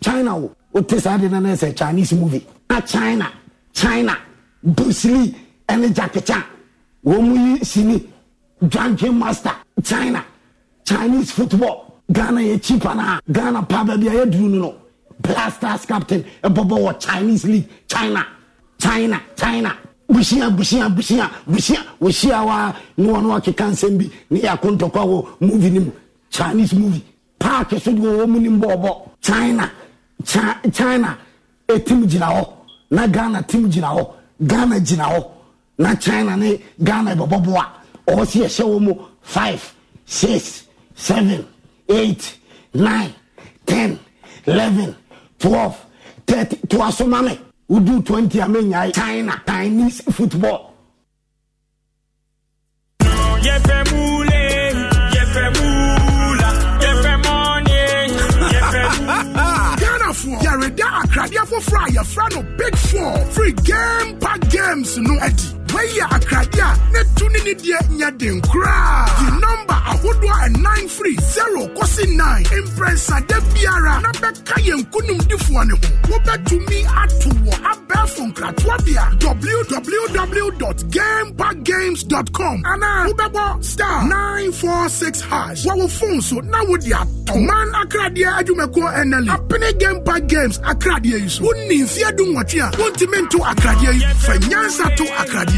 china wo wote saa de nana sɛ chinese movie na china china bruce lee ɛne jackie chan wɔn mu yi sini dranking master china chinese football ghana yɛ cheap ana ghana paaba bi a yɛ no no blasters captain ɛbɔbɔ wɔ chinese league china china china busia busia busia busia wɔhyia wa ne wɔn no akeka nsɛm bi ne yɛ akontɔkwa wɔ movie ne mu chinese movie paaki e so de wɔwɔ mu ni mbɔɔbɔ china Cha china etim gyina hɔ na ghana tim gyina hɔ ghana gyina hɔ na china ne ghana e bɛbɔboa ɔwɔ si ɛhyɛ e wɔn mu five six seven eight nine ten eleven twelve thirty to asomame Udu twenty amenya china chinese football. No, yes, fry a friend of big four free game park games no Eddie wɔayi akrade a ne tu ne ne deɛ nyɛ den koraa. Yi nɔmba ahodoɔ ɛnan firi zero kɔsi nine mprɛnsade biara na bɛka yɛn nkonimdifoɔ ne ho. Wobɛtumi ato wɔ abɛɛfo nkratoabea www.gamepackgames.com anaa wobɛbɔ star nine four six hash wɔ wo phone so na wode atɔ. Man akradeɛ adwumakuo ɛnɛli e. apene game park games akradeɛ yi so. Wonni mfe adum wɔtwe a wontumi nto akradeɛ yi fa nyansa to akradeɛ.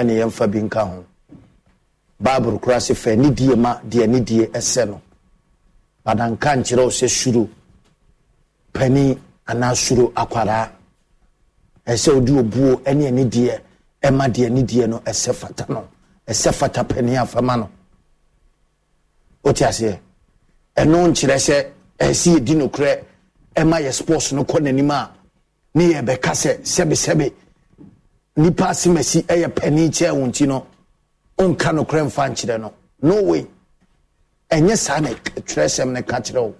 ɛne yɛmfa bi nka ho bible kora se fɛ ne die ma deɛ ne die ɛsɛ no badanka nkyerɛ wo sɛ suro pani anaa suro akwaraa ɛsɛ wode obuo ɛne ɛne deɛ ɛma deɛ ne deɛ no ɛsɛ fata no ɛsɛ fata pani afama no wote aseɛ ɛno nkyerɛ sɛ ɛsɛ yɛdi nokorɛ ɛma yɛ sports no kɔ n'anim a ne yɛbɛka sɛ sɛbesɛbe nipa asemasi ɛyɛ pɛni kyɛ wɔn ti no nka no kora mfa nkyerɛ no no way ɛnyɛ saa na twerɛsɛm no ka kyerɛ wo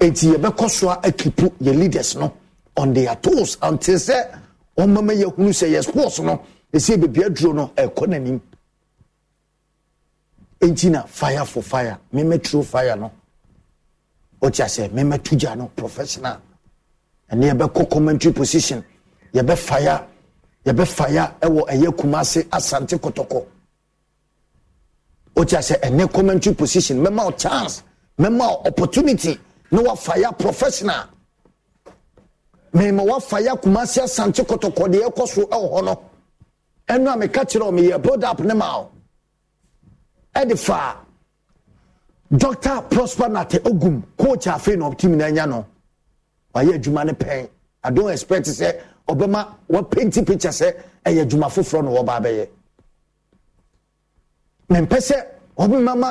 enti yɛbɛkɔ so ekipu akipu yɛ leaders no on their toes until sɛ ɔmama yɛhunu sɛ yɛ sports no ɛsɛ e baabi aduro no ɛkɔ e n'anim enti na fire for fire memɛturo fire no wote asɛ memɛto gya no professional ɛne yɛbɛkɔ commentary position fire yɛbɛfa ya ɛwɔ ɛyɛ kumase asante kɔtɔkɔ wotia sɛ ɛnɛ commentary position mɛma o chance mɛma o opportunity na wafa ya professional mɛma wafa ya kumase asante kɔtɔkɔ deɛ ɛkɔ so ɛwɔ hɔ no ɛnu a meka kyerɛ yɛ build up ne ma o ɛde fa doctor prosper nate ogum coach afei na ɔtí mi na ɛnya no wayɛ adwuma ne pɛn i don't expect to say ɔbɛma wɔpenti picture sɛ ɛyɛ adwuma foforɔ na wɔba abɛyɛ mempɛ sɛ ɔbɛmama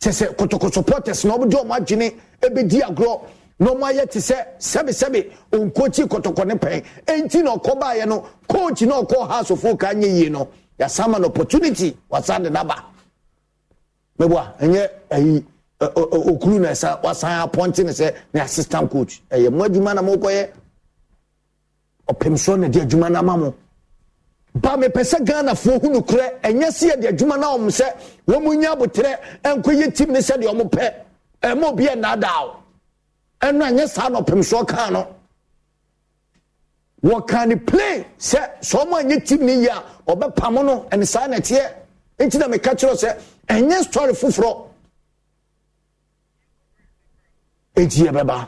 kyɛ sɛ kɔtɔkɔtɔ pɔtɛs na ɔbɛdi ɔmo adwene ɛbɛdi agorɔ na ɔmo ayɛ te sɛ sɛbisɛbi onkookyi kɔtɔkɔ ne pɛn enti na ɔkɔ baayɛ no kookyi na ɔkɔ ha asofo ka nye yie no yasa ma opportunity wasa de naba mɛbua ɛnyɛ ɛyi okuru na ɛsa wasan apɔnti ne sɛ ne assistant coach ɛyɛ mo adwuma na mo kɔyɛ ɔpem soɔ na de adwuma no ama mo ba mepɛ sɛ ghanafoɔ hu nokorɛ ɛnyɛ sɛ yɛde adwuma no wɔm sɛ wɔmu nya aboterɛ ɛnkɔyɛ tim ne sɛdeɛ ɔmo pɛ ɛma obi ɛnnaadaa ɛno anyɛ saa na ɔpem soɔ kaa no wɔka ne plane sɛ sɛ ɔmo anyɛ tim ne yie a ɔbɛpam no ɛne saa na ɛteɛ nti na meka kyerɛ sɛ ɛnyɛ story foforɔ ɛnti yɛbɛba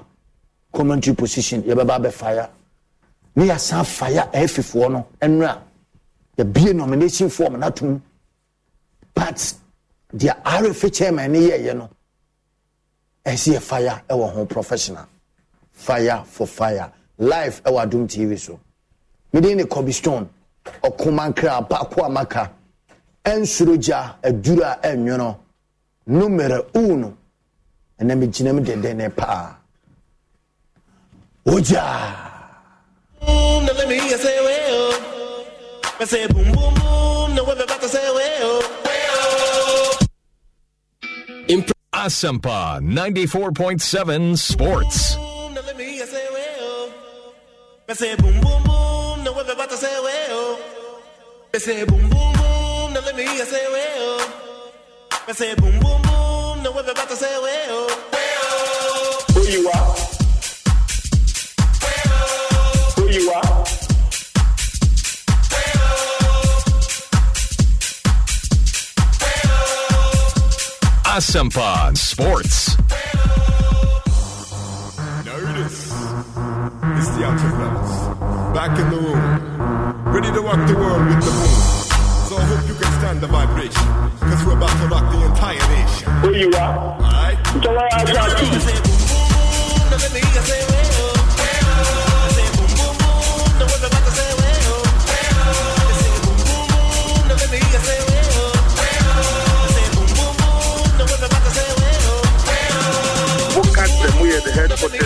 commentary position yɛbɛba fire ne yɛasan fa yɛ ɛfifoɔ no ɛno a nomination form natum, but deɛ rfa chairman ne yɛɛyɛ no ɛsi yɛ fire ɛwɔ ho professional fire for fire life ɛwɔ adum tv so mede ne kobe stone ɔkomankra paako a maka ɛnsoro ɛnwono numero uno ɛnam gyinam dendenne paa ogyaa boom, now let me hear you say well. I say boom, boom, boom, now to say Asampa 94.7 Sports. Boom, boom, boom, to say boom, boom, boom, to say Who you are? Awesome Pod Sports. Notice. It's the Outer Fellas. Back in the room. Ready to rock the world with the moon. So I hope you can stand the vibration. Because we're about to rock the entire nation. Where you rock? Alright. July, I got you. head for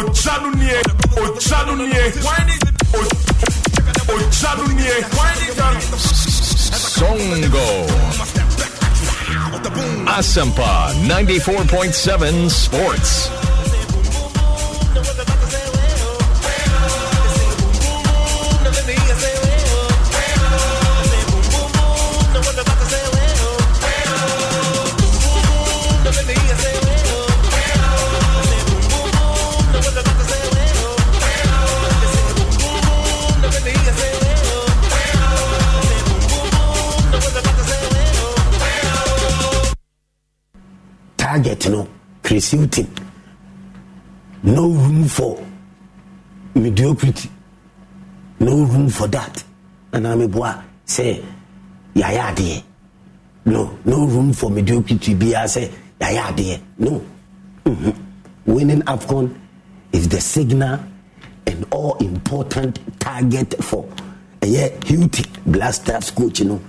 Ojanunye, Ojanunye, Ojanunye, Songo. Asampa 94.7 Sports. market no creativity no room for mediocrity no room for that And I'm ana meboa say, yɛayɛ adeɛ no no room for mediocrity Be I say yɛayɛ adeɛ no mm-hmm. winning afcon is the signal and all important target for ɛyɛ huge, blasters coach You know,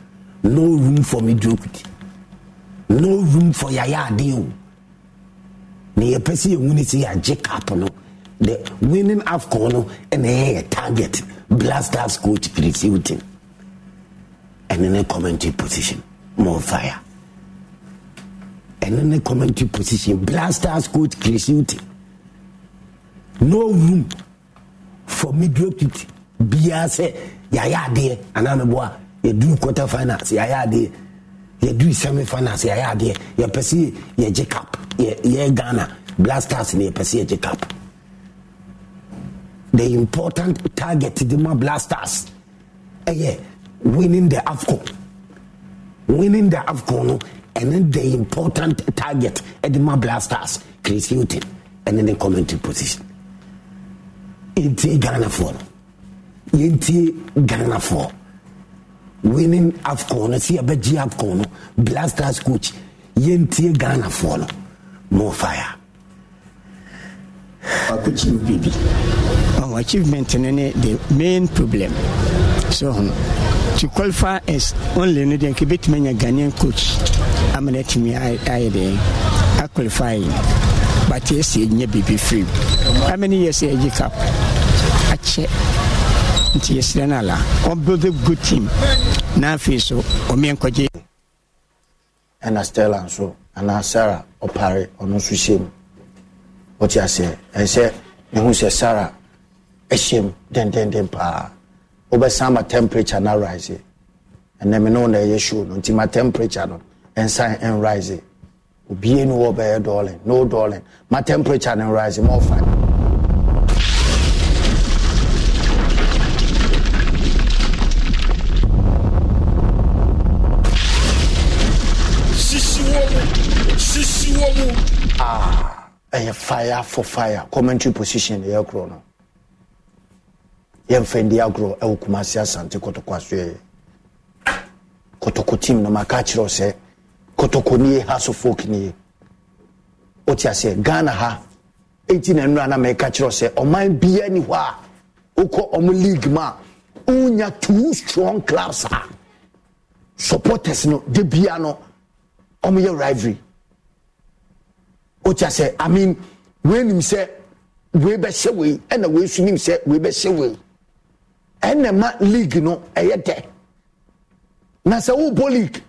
no room for mediocrity no room for yɛayɛ adeɛ na yɛpɛ sɛ yɛwu no sɛ yɛagye cap no the winning afcon no ɛna ɛyɛ yɛ target blasters coach chris hilton ɛne ne commentary position more fire ɛne ne commentary position blasters coach chris hilton no room for mediocrity biara sɛ yɛayɛ adeɛ anaa meboa yɛduru quarter finals yɛayɛ adeɛ yɛduru semi finals yɛyɛ adeɛ yɛpɛ sɛ yɛgye cap yɛ ghana blasters ne yɛpɛ sɛ yɛgye cap the important target de ma blasters ɛyɛ winning the afco winning the afco no ɛne the important target de ma blasters chris hilton ɛne ne commentary position yɛntie ghanafoɔ no yɛntie ghanafoɔ winning afcon see sɛ yɛbɛgye afcon blasters coach yɛntie ghanafoɔ follow more fire I akɔkyiw biribi oh, achievement no ne the main problem so um, to qualify as only no deɛ nkɛbɛtumi anya ghanaian coach i ama no atumi ayɛ deɛ aqualify but yes, yɛsɛ ɛnya biribi firi how many years ɛgye cap akyɛ nti yɛsrɛ no ala ɔbuild good team na afei so ɔmeɛ nkɔgye ɛna stella nso anaa sara ɔpare ɔno nso hyɛ mu wɔte aseɛ ɛnsɛ mehu sɛ sara ɛhyɛ mu dendenden paa wobɛsan ma temperature na rise ɛnɛ me ne wo na ɛyɛ show no nti ma temperature no ɛnsan ɛnrise obie ne wɔ bɛyɛ dɔɔlen no dɔɔlen ma temperature no rise ma ɔfa ɛyɛ fire for fire commentary position yɛ korɔ no yɛmfa ndi agorɔ ɛwɔ kumase asante kotoko asoɛ kotoko team na maka kyerɛw sɛ kotoko nie ha so folk nie wote aseɛ ghana ha ɛnti na nnura na meka kyerɛw sɛ ɔman bia ni hɔ a wokɔ ɔmo league mu a two strong clubs a supporters no de bia no ɔmoyɛ rivalry o ti sɛ i mean wei nim sɛ wei bɛ hyɛ wei ɛna wei nso nim sɛ wei bɛ hyɛ wei ɛna ma league no ɛyɛ dɛ na sɛ wobɔ league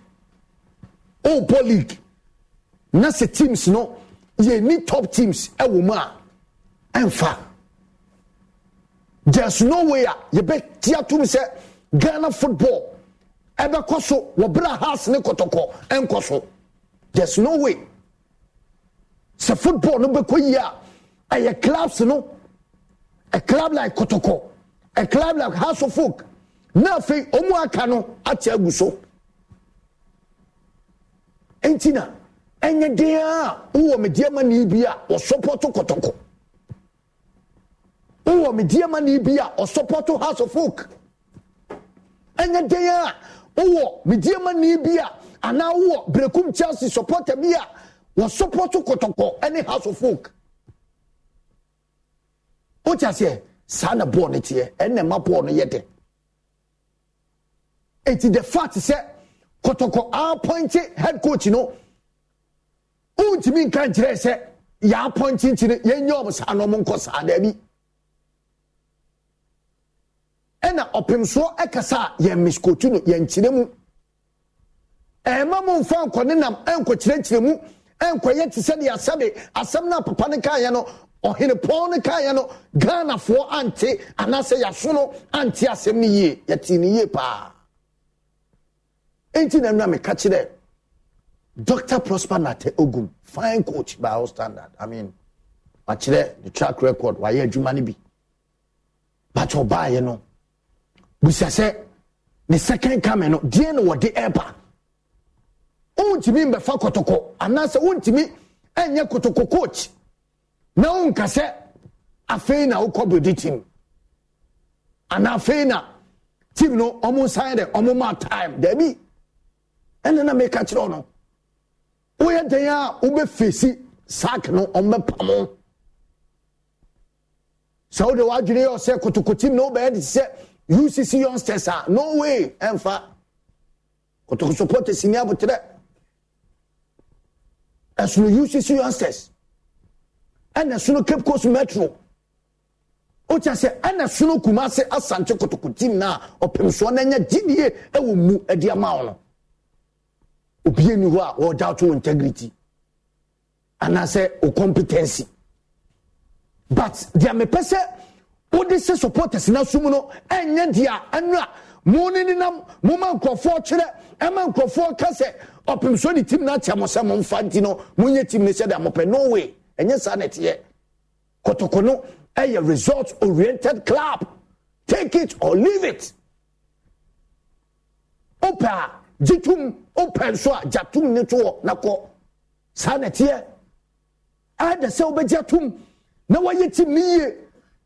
wobɔ league na sɛ teams no yɛni top teams ɛwɔ mu a ɛmfa there's no way a yɛbɛtia tom sɛ ghana football ɛbɛkɔ so wɔ berɛ a house ne kɔtɔkɔ ɛnkɔ so there's no way sɛ football no bɛkɔ yie a ɛyɛ clubs no a club like kotoko a club like house of folk na afei ɔmu aka no ate agu so nti na ɛnyɛ den a wowɔ me deɛma ne bi a wɔsɔpɔto kotoko wowɔ me deɛma ne bi a ɔsɔpɔto house of folk ɛnyɛ den a wowɔ me deɛma ne bi a anaa wowɔ brekum chelsea supporter bi a wɔsopɔto kɔtɔkɔ ɛne house of folk wotia seɛ saa na bɔɔl no teɛ ɛnna ɛma bɔɔl no yɛ dɛ eti the fact sɛ kɔtɔkɔ apɔnkye head coach no ntumi nka nkyerɛ sɛ yɛapɔnkye nkyiri yɛnyɛ ɔmo saa na ɔmo nkɔ saa daabi ɛna ɔpemsoɔ ɛkasa a yɛn miskotu no yɛn kyerɛ mu ɛɛma mo nfa nkɔ ne nam ɛnkɔ kyerɛkyerɛ mu ɛnkɔyɛ te sɛ deɛ asɛbe asɛm no apapa no kaeɛ no ɔhene pɔn no kaeɛ no ghanafoɔ ante anaasɛ yɛaso no ante asɛm no yie yɛtee no yie paa enti na nwura meka kyerɛ dr prosper nate ogum fine coach by all standard i mean wakyerɛ the track record wayɛ adwuma no bi but ɔbaeɛ no busa sɛ ne second coming no deɛ na wɔde ɛba wontumi mbɛfa kɔtɔkɔ anaasɛ wontumi ɛnyɛ kɔtɔkɔ coach na wonka sɛ afei na wokɔ brodi team anaa afei na team no ɔmo nsan dɛ ɔmo ma time daabi ɛna na meka kyerɛ no woyɛ dan a wobɛfesi sack no ɔmbɛpamo sɛ wode wadwene yɛ sɛ kotoko team na wobɛyɛ de sɛ ucc youngsters a no way ɛmfa kotoko supporters ni abotrɛ ɛsono ucc youngsters ɛna ɛsono cape coast metro wokyɛ sɛ ɛna ɛsono kumase asante kotoko team na ɔpemsoɔ no anya gyidie ɛwɔ mu adi ama wo no obie ni hɔ a wɔɔda to wo integrity anaasɛ wo competency but deɛ mepɛ sɛ wode sɛ supporters no asom no ɛnyɛ deɛ a ɛno a mo ne nenam moma nkurɔfoɔ kyerɛ ɛma nkurɔfoɔ ka ɔpem so ne tim no akyɛ mo sɛ momfa nti no monyɛ tim no sɛdeɛ mopɛ no way ɛnyɛ saa na ɛteɛ kɔtɔkɔ no ɛyɛ result oriented club take it or leave it wopɛ a gye tom wopɛ nso a gya tom ne toɔ na kɔ saa na ɛteɛ ɛdɛ sɛ wobɛgya tom na wɔyɛ tim no yie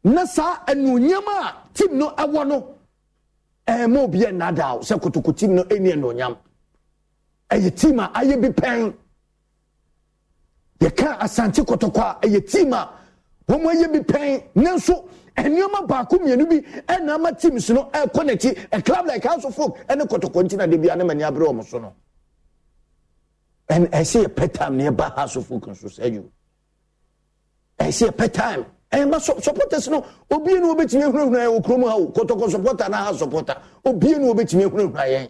na saa anuonyam a tim no ɛwɔ no ɛmo obiɛ nnaadaa sɛ kotoko tim no ɛni anuonyam ɛyɛ team a ayɛ bi pɛn yɛka asante kɔtɔkɔ a ɛyɛ team a wɔn ayɛ bi pɛn nanso nneɛma baako mmienu bi ɛna ama teams no ɛkɔ n'akyi ɛklab like house of folk ɛne kɔtɔkɔ ntina de bi anam ani abere wɔn so no ɛn ɛsɛ e yɛ pɛ time na ɛba house of folk nso sɛ yi o ɛsɛ yɛ pɛ time ɛnba supporters no obiara na obetumi ehunahuna yɛn wɔ kurom ha o kɔtɔkɔ supporter na ha supporter obiara na obetumi ehunahuna yɛn.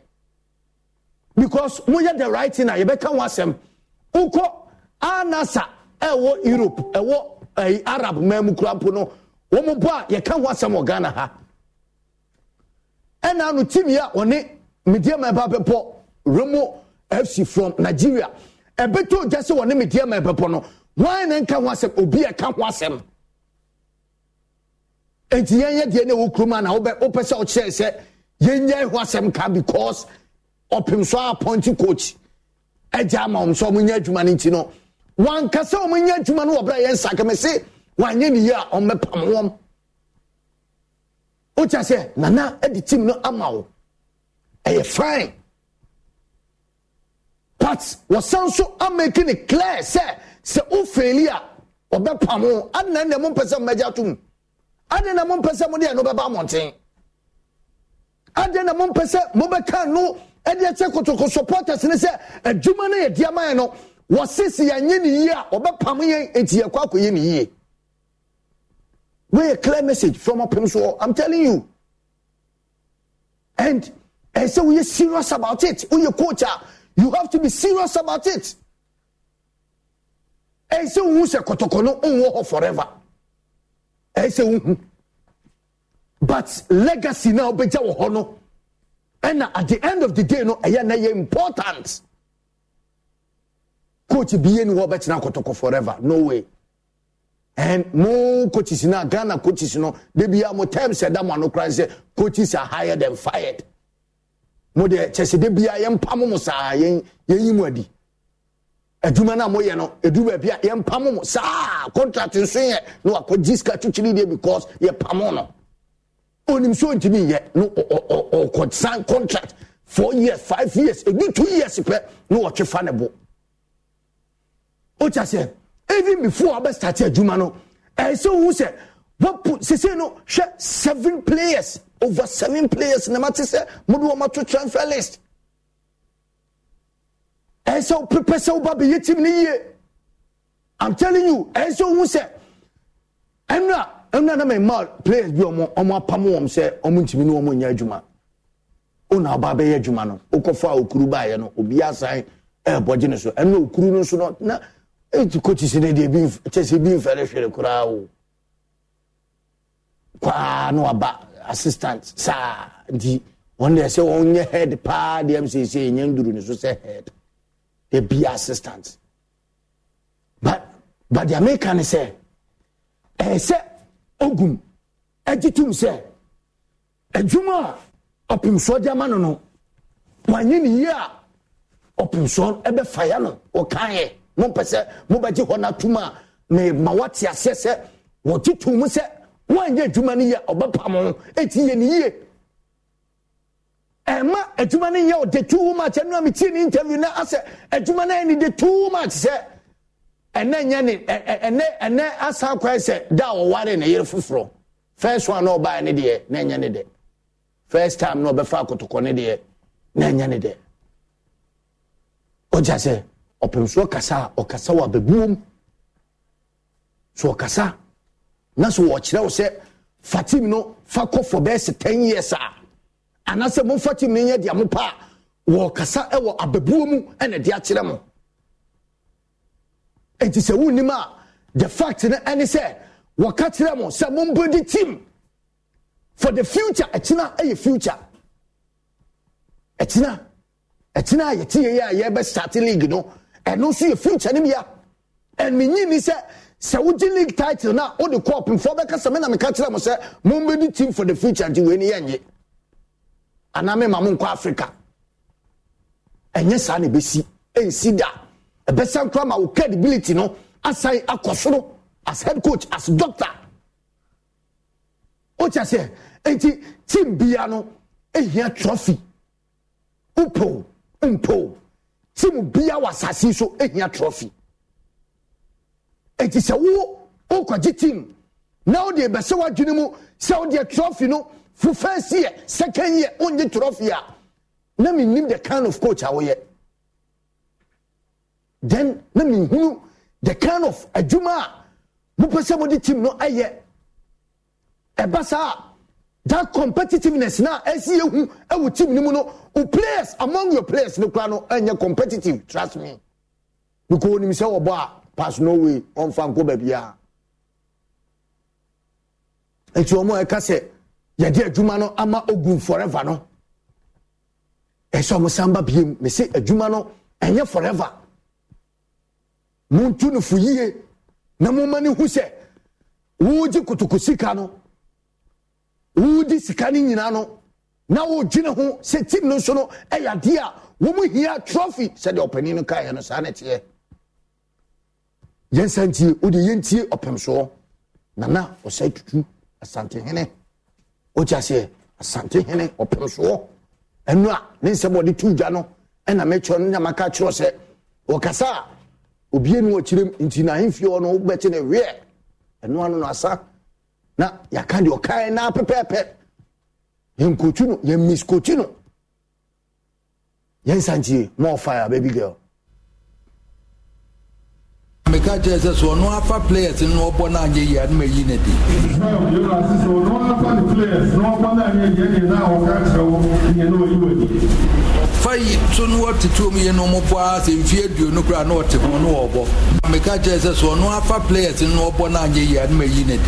because moyɛ the right thing a yɛbɛka ho asɛm wokɔ anasa ɛwɔ europe ɛwɔ eh, arab man kura mpo no wɔn bɔ a ka ho asɛm wɔ ghana ha ɛna ano timi a wɔne mediama remo fc from nigeria ɛbɛtɔ gya sɛ ɔne mediama ɛbɛpɔ no wɔn na nka ho asɛm obi ɛka ho asɛm nti yɛn yɛ deɛ na ɛwɔ kuruma a na sɛ ɔkyerɛ sɛ yɛn nyɛ asɛm ka because. ɔpem so apɔnti coach ɛgya ama wɔn so wɔn nyɛ adwuma no nti no wankasa wɔn nyɛ adwuma no wɔ bere a yɛn nsakamese wanyɛ ne a wɔn bɛpam wɔn wotya sɛ nana ɛde tim no ama wo ɛyɛ fine but wɔsan so amake ne clear sɛ sɛ wofeeli a ɔbɛpam wo adena na mo mpɛ sɛ mmɛgya to mu adena na mo mpɛ sɛ mode ɛno bɛba mmɔnten adena na mo mpɛ sɛ mobɛka no ɛde ɛkyɛ kotoko supporters ne sɛ adwuma no yɛ diama yɛ no wɔsisi yɛnyɛ ne yie a ɔbɛpam yɛn eti yɛ kɔ akɔyɛ ne yie wey a clear message from ɔpem so i'm telling you and ɛsɛ woyɛ serious about it woyɛ coach a you have to be serious about it ɛsɛ wohu sɛ kɔtɔkɔ no nwɔ hɔ forever ɛsɛ wohu but legacy na ɔbɛgya wɔ hɔ no ɛna at the end of the day no ɛyɛ na yɛ important coach bi yɛ ni hɔ bɛtena akɔtɔkɔ forever no way and mo coaches na ghana coaches no debi a mo term sɛ da mo ano kora sɛ coaches are hired and fired mo deɛ kyɛsɛ debi a yɛn mpam mo saa yɛn yɛn yi mo adi adwuma na mo yɛ no edu baabi a yɛn mpam mo saa contract nso yɛ no wakɔ gyi sika deɛ because yɛ pam no onim so ntumi yɛ no ɔkɔ sign contract four years five years ebi two years pɛ na ɔtwe fa ne bo o kya sɛ even before abɛ start adwuma no ɛsɛ ohun sɛ wapu sese no hwɛ seven players over seven players na ma te sɛ mo de wɔn ato transfer list ɛsɛ o pepɛ sɛ o ba bɛ yɛ team ne yie i'm telling you ɛsɛ ohun sɛ ɛnu a ɛnna dama mma players bi ɔmo ɔmo apam wɔn sɛ ɔmo ntumi ne ɔmo nyɛ adwuma ɔna ɔba abɛyɛ adwuma no ɔkɔfa okuru baayɛ no obi asan ɛɛbɔ gye ne so ɛnna okuru no nso no na eti kooti si ne deɛ bi kyɛ sɛ bi nfɛre hwere koraa o paa na waba assistant saa nti wɔn deɛ sɛ wɔn nyɛ head paa deɛ mo sese nyɛ nduru ne so sɛ head deɛ bi assistant but but deɛ meka ne sɛ ɛɛ ogum agye tum sɛ adwuma a ɔpemsoɔ de ama no no wanyɛ ne yie a ɔpemsoɔ bɛfaeɛ no ɔkaeɛ mompɛ sɛ mobɛgye hɔ no atom a mema wate aseɛ sɛ wɔte to mu sɛ woanyɛ adwuma no yie a ɔbɛpa mo ho ɛti yɛ ne yie ɛma adwuma no nyɛ ɔde too much ɛno a metie ne interview no asɛ adwuma no ɛne de too much sɛ ɛnɛ nyɛ ne ɛnɛ ɛnɛ asa akɔɛ sɛ da a wɔware ne yere foforɔ first one na ɔbaa ne deɛ na ɛnyɛ ne dɛ first time na ɔbɛfa akotokɔ ne deɛ na ɛnyɛ ne dɛ ɔgya sɛ ɔpɛnsoɔ kasa a ɔkasa wɔ abɛbuom so ɔkasa na so wɔkyerɛ wo sɛ fatim no fa kɔfɔ bɛɛ sɛ ten years a anaasɛ mo fatim no nyɛ deɛ mo pa a wɔkasa e wɔ abɛbuo mu ɛna de akyerɛ mo eti sɛ wunnim a the fact no ɛne sɛ wɔka kyerɛ mo sɛ mombɛdi team for the future ɛkyena ɛyɛ future ɛkyena ɛkyena a yɛte yɛ a yɛbɛ start league no ɛno nso yɛ future no bia ɛnenyi ni sɛ sɛ wogye league title na a wode kɔ ɔpemfoɔ bɛka sɛ me na meka kyerɛ mo sɛ mombɛdi team for the future nti wei ni yɛnye anaa mema mo nkɔ africa ɛnyɛ saa na ɛbɛsi ɛnsi e da ɛbɛsan kora ma wo credibility no asan akɔ soro as head coach as doctor o kyɛ sɛ eti team bia no ehia trophy upo mpo team bia wɔ asase so ehia trophy eti sɛ wo okɔgye team na o deɛ bɛsɛ wadwene mu sɛ o deɛ trophy no for first year second year o nye trophy a na mi nim the kind of coach a wɔyɛ then na mehunu the kind of adwuma a mopɛ sɛ mode team no ɛyɛ ɛba saa that competitiveness na ɛsi ehu ɛwɔ team no mu no o players among your players no kora no ɛnyɛ competitive trust me because onim sɛ wɔbɔ a pass no way ɔnfa nko baabi a nti wɔn a ɛka sɛ yɛde adwuma no ama ogun forever no ɛsɛ wɔn samba biem mɛ sɛ adwuma no ɛnyɛ forever montu no fo yie na momma no hu sɛ wogye kotoko sika no wogye sika no nyinaa no na wodwene ho sɛ tim no nso no ɛyɛ adeɛ a wɔmu hia trophy sɛdeɛ ɔpanin no kaeɛ no saa ne teɛ yɛnsa ntie wode yɛntie ɔpemsoɔ nana ɔsɛ tutu asantehene wogye aseɛ asantehene ɔpemsoɔ ɛno a ne nsɛm ɔde to dwa no ɛna mɛkyerɛ no nyamaka kyerɛ sɛ wɔkasa a obi enu ɔkyerɛ mu nti n'ahemfie hɔ no wobɛte ne weɛ ɛno ano no asa na yɛaka deɛ ɔkae naa pɛpɛɛpɛ yɛnkotu no yɛmmiskotu no yɛnsantie ma ɔfae a baby girl meka kyerɛ sɛ sɛ ɔno afa players no ɔbɔ no anyɛ yie ade mayi no de yi to no wɔtete mu yɛ no ɔmo bɔ a sɛ mfie aduonu koraa na ɔte ho na ɔbɔ meka kyerɛ sɛ sɛ ɔno afa players no ɔbɔ na anyɛ yie a ne ma yi ne de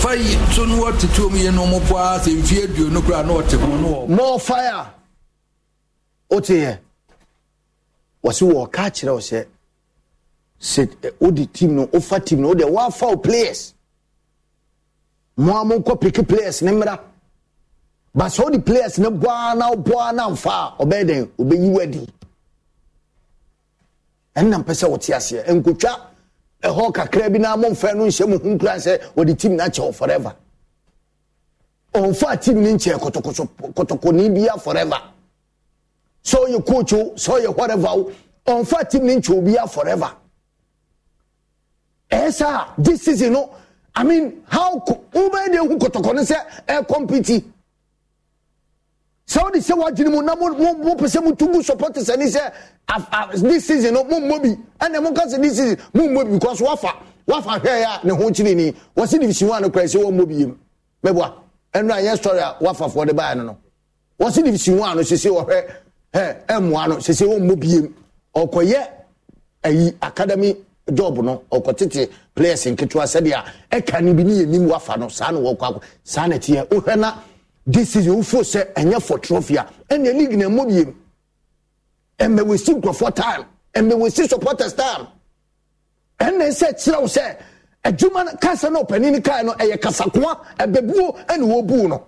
fayi to no wɔtete mu yɛ no ɔmo bɔ a sɛ mfie aduonu koraa na ɔte ho na ɔbɔ more fire woteɛ wɔse wɔka kyerɛ wo sɛ sɛ eh, wode team no wofa team no wode woafa wo players mo a players ne mmra ba sɛ players ne boaa na woboaa na a ɔbɛyɛ ɔbɛyi wadi ɛnna mpɛ aseɛ nkotwa ɛhɔ kakra bi na momfɛ no nhyɛ mu ho nkura sɛ wɔde team no akyɛ forever ɔmfa team bia forever sɛ ɔyɛ coach o sɛ ɔyɛ whatever o team forever this i mean how wobɛyɛ deɛ hu kɔtɔkɔ no sɛ ɛkɔmpiti sɛ wode sɛ woagyene mu na mopɛ sɛ motu gu support sɛne sɛ this season no mommɔ bi ɛnɛ moka sɛ this season mommɔ bi because woafa woafa hwɛɛ a ne ho kyere ni wɔse division one no kora sɛ wɔmmɔ biem mɛboa ɛno a yɛ story a woafafoɔ de baeɛ no no wɔse division one no sese wɔhwɛ ɛmmoa no sese wɔmmɔ biem ɔkɔyɛ ayi academy job no ɔkɔtete players nketewa sɛdeɛ ɛka no bi ne yɛnim wafa no saa na wɔkɔ akɔ saa na ɛteɛ wohwɛ na this season wofo sɛ ɛnyɛ for trophy a ɛnna league na ɛmɔ biem ɛmɛ wɔsi nkurɔfoɔ time ɛmɛ wɔsi supporters time ɛnna sɛ kyerɛw sɛ adwuma no kasa na ɔpanin no kaa no ɛyɛ kasakoa ɛbɛbuo ɛna wɔbu no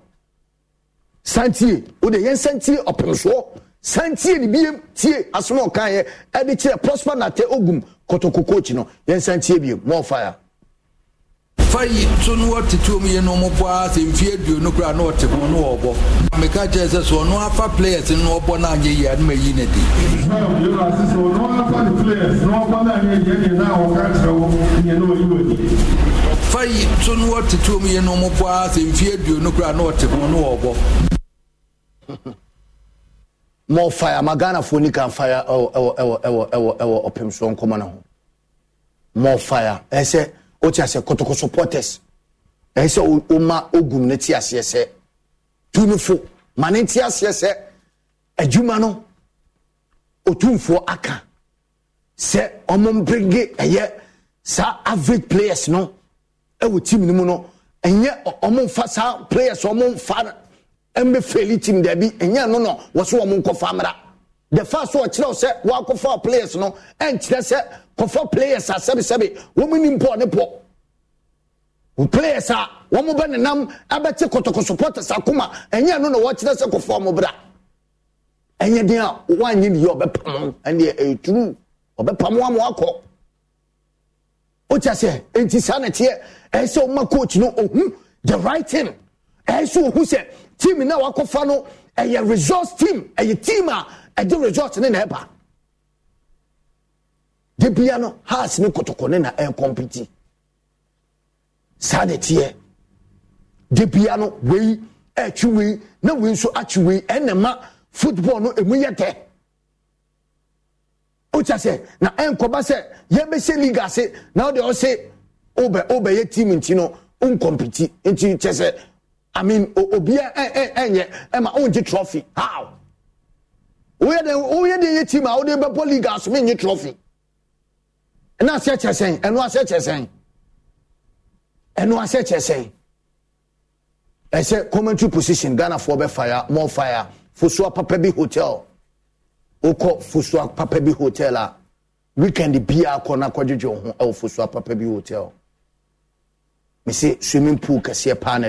santie wode yɛn santie ɔpemsoɔ santie ne biem tie asono ɔkaeɛ ɛde kyerɛ prosper nate ogum kotoko coach no yɛnsan tie bio more fire fayi so no wɔteteom yɛ no mu paa sɛ mfie aduonu koraa na ɔte ho no wɔbɔ meka kyerɛ sɛ sɛ ɔno afa players no ɔbɔ no anyɛ yia no mayi no di fayi so no wɔteteom yɛ no mu paa sɛ mfie aduonu koraa na ɔte ho no wɔbɔ more fire ma ghanafoɔ ni kan fire ɛwɔ ɛwɔ ɛwɔ ɛwɔ ɛwɔ ɛwɔ ɔpem soɔ nkɔmɔ na ho more fire ɛsɛ o ti ase kotoko supporters ɛsɛ o o ma o gum ne ti aseɛ sɛ tunufo ma ne ti aseɛ sɛ adwuma no otumfoɔ aka sɛ ɔmo mpege ɛyɛ saa average players no ɛwɔ e team no mu no ɛnyɛ e ɔmo nfa saa players ɔmo nfa ɛmbɛ fɛli tim dɛbi ɛnyɛ no no wɔso wɔn nkɔfa mra the first one kyerɛw sɛ wakɔfa players no ɛnkyerɛ sɛ kɔfa players a sɛbisɛbi wɔn ni mpɔ ne pɔ players a wɔn bɛ nenam abɛte kɔtɔkɔsɔ pɔtɛs akoma ɛnyɛ no na wɔkyerɛ sɛ kɔfa wɔn bra ɛnyɛ den a wɔanyɛ ne yie ɔbɛpam e ɛnneɛ ɛyɛ turu ɔbɛpam wɔn ama wakɔ o kyerɛ sɛ nti saa na ɛyɛ sɛ wɔn coach no ohun the right thing ɛnso ohu sɛ team na wakɔfa no ɛyɛ resource team ɛyɛ team a ɛde resource ne na ɛba debia no haas ne kotoko ne na ɛkɔmpiti saa de teɛ debia no wei ɛkyi wei na wei nso akyi wei ɛna ma football no emu yɛ tɛ o kya sɛ na ɛnkɔba sɛ yɛbɛhyɛ league ase na ɔde ɔse ɔbɛ ɔbɛyɛ team nti no nkɔmpiti nti kyɛ sɛ I mean, Obia, eh, eh, Emma, own trophy. How? Where the where the team out there, but leaguers win your trophy. And I said, saying, and what said, saying, and what said, saying. I said, commentary position, Ghana for fire, more fire, Fusua Papa Hotel. Oko Fusua Papa B Hotel. weekend beer corner, akɔ na akɔgyegye wo ho ɛwɔ fosuo hotel mese swimming pool kɛseɛ paa na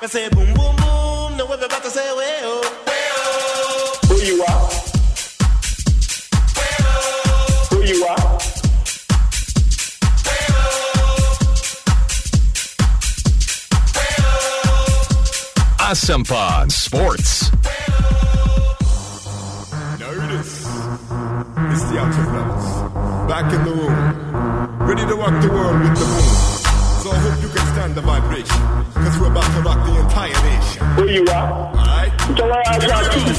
I say boom boom boom. no about to say way oh. Who you are? Who you are? Awesome Pod Sports. Now it is. It's the Outer Back in the room. Ready to rock the world with the moon. So I hope you can stand the vibration. Cause we're about to rock the entire nation. Where you rock? Alright. Tell her I rock too.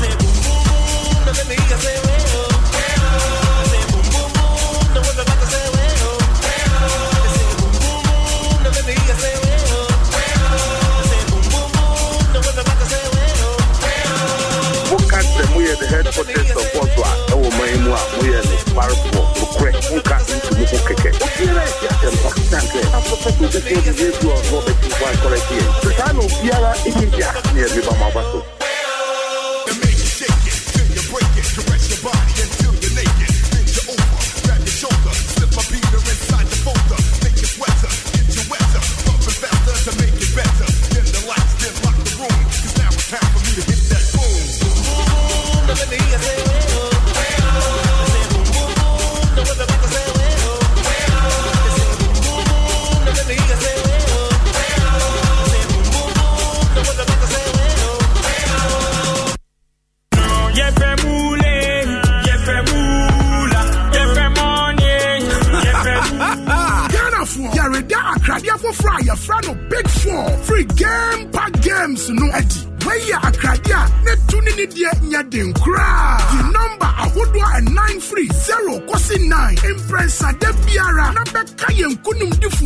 moyɛ the headquarters of Oslo a ɛwɔ man mu a moyɛ no farefoɔ nokorɛ nka ntumu ho kɛkɛ afɛsi tete obi yɛ du ɔgbɔ bɛ i ni ja ni ɛbi ba ma ba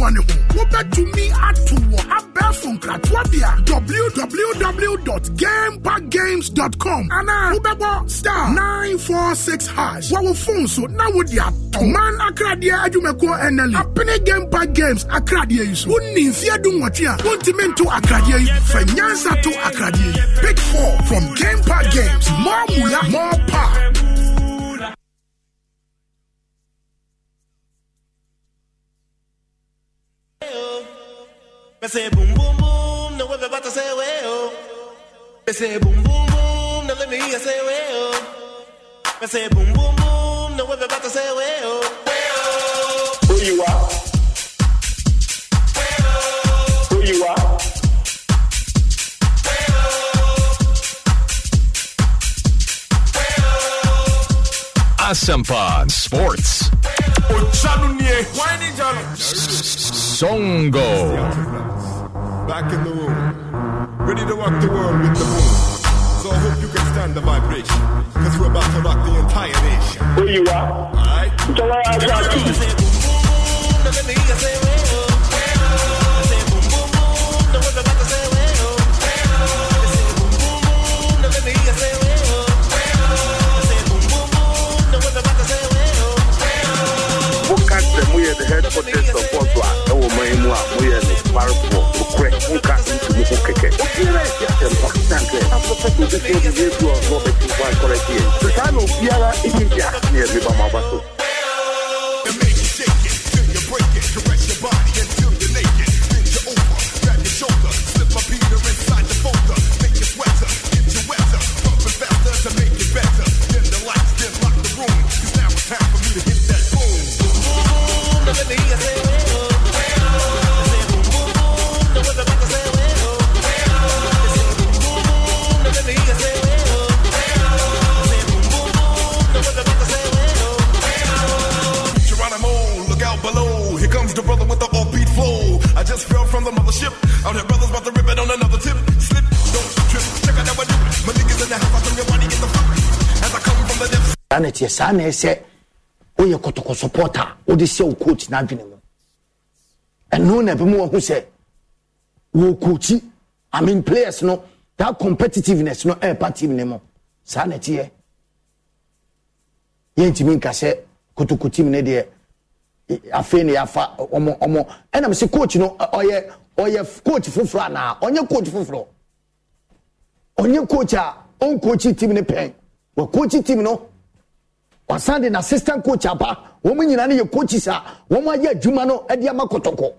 one. ho wobɛtumi ato wɔ abɛɛfo nkratoabea www.gamepackgames.com anaa wobɛbɔ star 946 hash wɔ wo phone so na wode atɔ man akradeɛ adwumakuo ɛnɛle apene game park games akradeɛ yi so wonni mfeɛ du nwɔtwe a wontumi nto akradeɛ yi fa nyansa to akradeɛ yi pick four from game park games more mula more power Me say boom boom boom, Now everybody to say way oh. Me say boom boom boom, Now let me hear say way oh. Me say boom boom boom, Now everybody to say way oh. Way oh. Who you are? Way oh. Who you are? Awesome Sports. Ochanunie. Songo. Back in the room. Ready to rock the world with the boom. So I hope you can stand the vibration. Cause we're about to rock the entire nation. Who you rock? Alright. i akɔtɛ support a ɛwɔ man mu a moyɛ no marefoɔ nokorɛ wonka ntumu ho kɛkɛ wotiɛrɛ ɛsɛm pakistan sɛ apɔpɛsɛ obɛsɛ obiyɛ du ɔno ɔbɛtim hɔ akɔrɛ kyeɛ so saa na obiara ɛnyɛ bi a ne ɛbɛba ma aba so saa na ɛteɛ saa na ɛsɛ woyɛ kɔtɔkɔ supporter wode hyɛ wo coach n'adwene mu ɛno na ɛbɛmu wɔn ho sɛ wɔ kookyi i mean players no that competitiveness no ɛɛpa e team ne mu saa na ɛteɛ yɛntumi nka sɛ kotoko team ne deɛ afei ne yafa ɔmo ɔmo ɛnam e sɛ coach no ɔyɛ ɔyɛ coach foforɔ anaa ɔnyɛ coach foforɔ ɔnyɛ coach a ɔnkookyi team ne pɛn wɔ coach team no. de na assistant coach aba wɔn nyinaa no yɛ coaches a wɔn ayɛ adwuma no de ama kɔtɔkɔ